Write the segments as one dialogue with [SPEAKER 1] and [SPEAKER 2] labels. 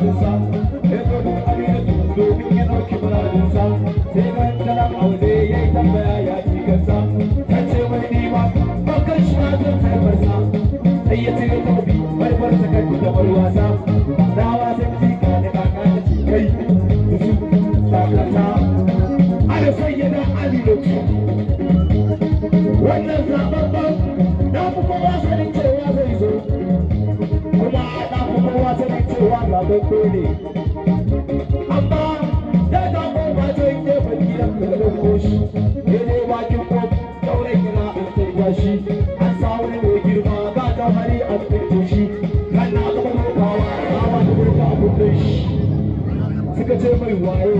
[SPEAKER 1] muradinsa ya zo da ƙarya domin ya ɗauki muradinsa sai bayan taron aure ya yi tambaya ya ci gasa ta ce mai nema bakar shi na zan taifarsa sai ya cire tafi barbar ta kan da barwasa rawa sai mu ji ka da kaka ta ce kai musu takata ana sayyana ali da wannan zababban na fi kowa sanin cewa cewa ba bai kone amma da gefen gidan garin koshi daidai bakin kofi daure gina an samu mai girma zata hari a turba shi kan na gaba lokawa ta suka ce mai waye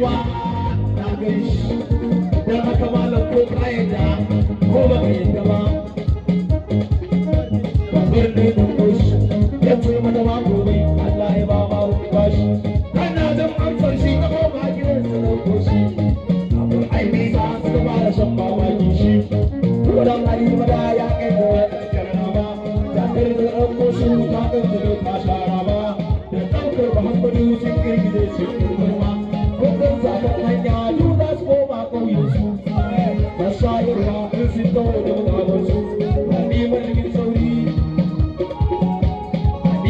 [SPEAKER 1] kowa ta gani don haka malam ko ka da, ko ba ka yadda ba babbar ne da koshi ya ce mata ma gobe Allah ya ba ma ba shi. kana zan amsar shi ta ba ma gidan sa na koshi abun aiki sa suka ba da shan mamaki shi ko da hali mada ya kai da wani karna ba ta kai da ɗan koshi ta kai da ba shara ba da ɗaukar ba hankali wucin girgize ce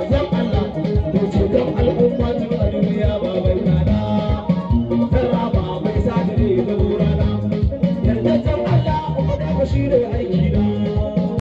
[SPEAKER 1] ¡Gracias! Pues